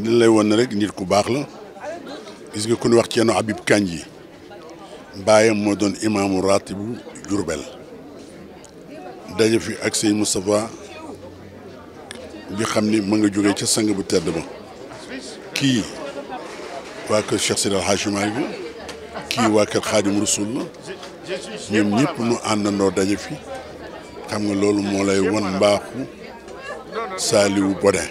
ni lay woon rek nit ku baax la gis nga ko ñu wax Ceerno Habib Kandji baayam moo doon imaamu ratibu Jurbel daje fi ak sëñ Moustapha bi xam ni mu nga jóge ca sang bu tedd ba kii waa kër Cheikh Seydi El Hadji Malick la kii waa kër Xaadim Rasul la ñoom ñëpp nu àndandoo daje fi xam nga loolu moo lay won mbaaxu Saaliwu Bodin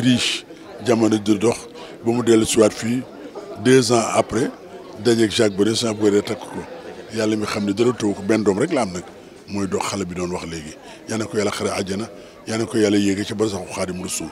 riche jamono di dox ba mu dellu siwaat fii deux ans après dajeeg Jacques Boré Jacques Boré takk ko yàlla mi xam ne dara taw ko benn doom rek la am nag mooy dox xale bi doon wax léegi yal ko yàlla xare àjjana yal na ko yàlla yéeg ci barsaxu Xaadimu Rasuul